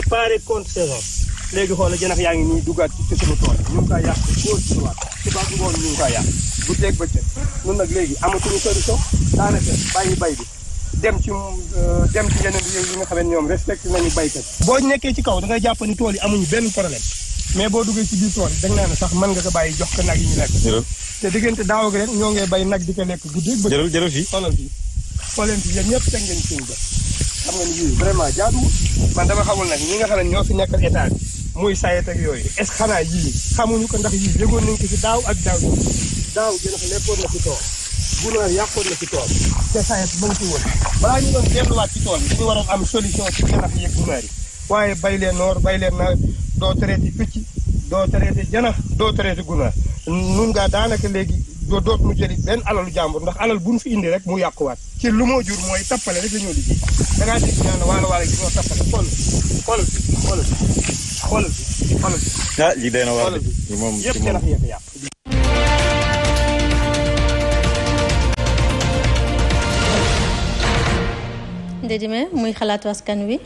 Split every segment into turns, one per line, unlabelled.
préparé contre saison léegi xoolal janax yaa ngi nii duggaat ci sama tool yi ñu ngi koy yàq góor si waat ci baa ngoon ñu ngi koy ba teg ñun nag léegi amatuñu solution daanaka bàyyi bay bi dem ci euh, dem ci yeneen yi nga xam ne baykat boo nekkee ci kaw da ngay jàpp ni tool yi amuñu benn problème mais boo duggee si biir tool yi da na sax mën nga sa bàyyi jox ko nag yi ñu lekk te diggante daaw ak ren ñoo ngay bay nag di ko nekk guddeeg bëccëg jëlal fii xoolal fii xoolal fii yéen ñëpp teg ngeen ba xam nga vraiment jaaduwul man dama xamul nag ñi nga xam ne ñoo fi nekk état bi muy sayet ak yooyu est-ce que xanaa yii xamuñu ko ndax yii yëgoon nañ ko ci daaw ak daaw ji daaw bi ndax leppoon na ci tool gunaar yàqoon na ci tool te sayet ba nga ci woon balaa ñu doon delluwaat ci tool dañu waroon am solution ci janax yeeg gunaar yi waaye bay leen noor bay leen nawet doo traité picc doo traité janax doo traité gunaar nun ngaa daanaka léegi doo mu jëriñ benn alalu jàmbur ndax alal bu ñu fi indi rek mu yàquwaat ci lu moo jur mooy tappale rek la ñoo liggéey da ngaa dégg ñaan waalo waalo gi ah, na waar de moom yëpp ca la fi yàq
Ndeye muy xalaatu askan wi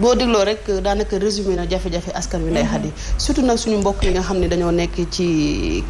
boo dégloo rek euh, daanaka résumé na jafe-jafe askan wi nday xadi mm-hmm. surtout nag suñu mbokk yi nga xam ne dañoo nekk ci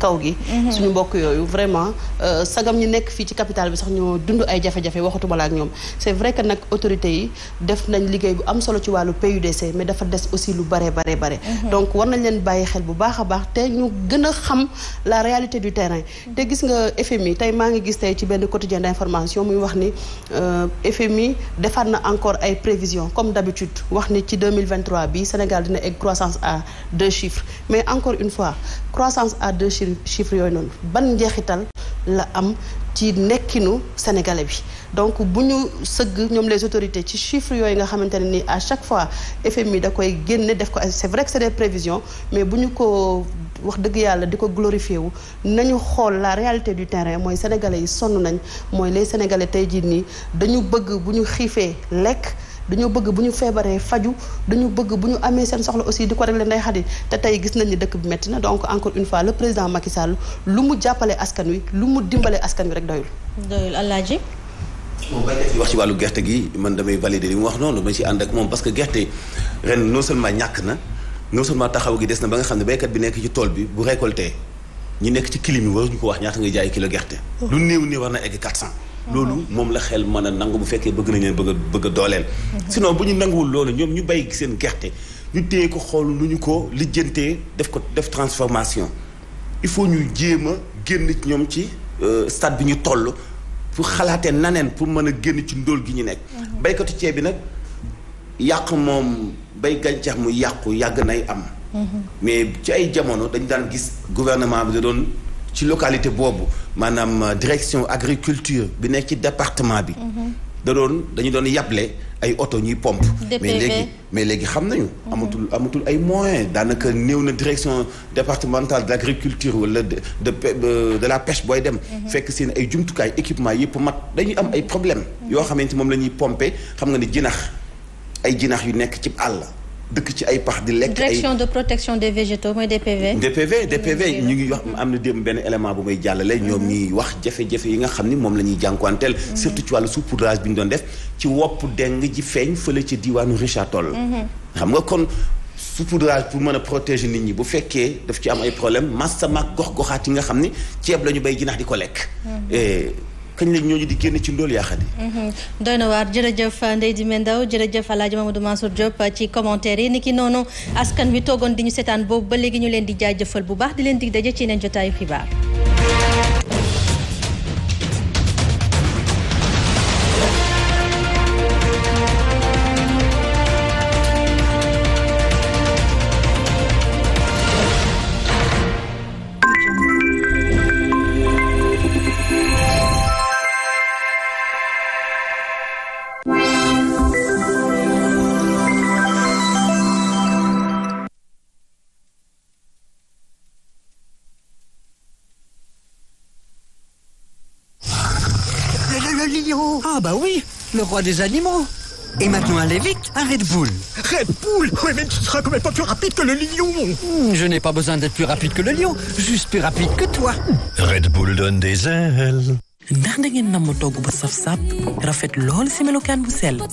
kaw gi mm-hmm. suñu mbokk yooyu vraiment euh, sagam ñu nekk fii ci capital bi sax ñoo dund ay jafe-jafe waxatuma la ak ñoom c'est vrai que nag autorités yi def nañ liggéey bu am solo ci wàllu PUDC mais dafa des aussi lu bare bare bare mm-hmm. donc war nañ leen bàyyi xel bu baax a baax te ñu gën a xam la réalité du terrain te gis nga FMI tey maa ngi gis tey ci benn quotidien d'information muy wax ni euh, FMI defaat na encore ay prévisions comme d'habitude wax ni ci 2023 bi Sénégal dina egg croissance à deux chiffres mais encore une fois croissance à deux chiffres yooyu noonu ban njeexital la am ci nekkinu sénégalais bi donc bu ñu sëgg ñoom les autorités ci chiffres yooyu nga xamante ne ni à chaque fois FMI da koy génne def ko c'est vrai que c'est des prévisions mais bu ñu ko wax dëgg yàlla di ko glorifier wu nañu xool la réalité du terrain mooy sénégalais yi sonn nañ mooy les sénégalais tey jii nii dañu bëgg bu ñu xiifee lekk dañoo bëgg bu ñu feebaree faju dañu bëgg bu ñu amee seen soxla aussi di ko régler Ndeye Khady te tey gis nañ ni dëkk bi métti na donc encore une fois le président Macky lu mu jàppale askan wi lu mu dimbale askan wi rek doyul. doyul Alaaji.
moom baykat wax ci wàllu gerte gi man damay valider li mu wax noonu ma ci ànd ak moom parce que gerte ren non seulement ñàkk na non seulement taxaw gi des na ba nga xam ne baykat bi nekk ci tool bi bu récolté ñi nekk ci clim yi waruñu ko wax ñaata ngay jaay kilo gerte. Mm-hmm. lu néew nii war na egg 400. loolu moom la xel mën a nangu bu fekkee bëgg nañ leen bëgg a bëgg a dooleel sinon bu ñu nanguwul loolu ñoom ñu bay seen gerte ñu téye ko xool lu ñu ko lijjantee def ko def transformation il faut ñu jéem a génn ci ñoom ci euh, stade bi ñu toll fu xalaatee naneen pour mën a génn ci ndóol gi ñu nekk mhm. baykatu ceeb bi nag yàq moom bay gàncax mu yàqu yàgg nay am mhm. mais ci ay jamono dañ daan gis gouvernement bi da ci localité boobu maanaam euh, direction agriculture bi nekk ci département bi. Mhm. da doon dañu doon yàble ay oto ñuy pompe. mais léegi mais léegi xam nañu. Mhm. amatul amatul ay moyens daanaka néew na direction départementale de l' wala de de de la pêche booy dem. Mhm. fekk seen ay jumtukaay équipement yëpp mat dañuy am ay problèmes. yoo xamante moom la ñuy pompe xam nga ni jinax ay jinax yu nekk ci àll. dëkk ci ay pax di lekk ay direction
de protection des végétaux mooy DPV.
DPV DPV ñu ngi wax am na démb benn élément bu may jàllale. Mhm. ñoom ñuy wax jafe-jafe yi nga xam ni moom la ñuy jànkuwanteel. Mhm. surtout ci wàllu saupoudrage bi ñu doon def ci wopp deng ji feeñ fële ca diwaanu Richard Toll. Mhm. xam nga kon saupoudrage pour mën a protéger nit ñi bu fekkee daf ci am ay problème massamaak gox goxaat yi nga xam ni ceeb la ñu bay jinax di ko lekk. Eh, kañ lañ ñooñu di génn ci loolu yaaxat
yi mhm. doy na waar jërëjëf Ndeye Dime Ndao jërëjëf Alaaji Mamadou Mansour Diop ci commentaire yi ni ki noonu askan wi toogoon di ñu seetaan boobu ba léegi ñu leen di jaajëfal bu baax di leen dig daje ci yeneen jotaayu xibaar Spirou Ah bah oui, le roi des animaux et maintenant, allez vite, un Red Bull. Red
Bull Oui, mais tu seras quand même pas plus rapide que le lion mmh, Je n'ai pas besoin d'être plus rapide que le lion, juste
plus rapide que toi. Red Bull donne des ailes. ndax da ngeen namm togg ba saf sap rafet lool si melokaan bu sell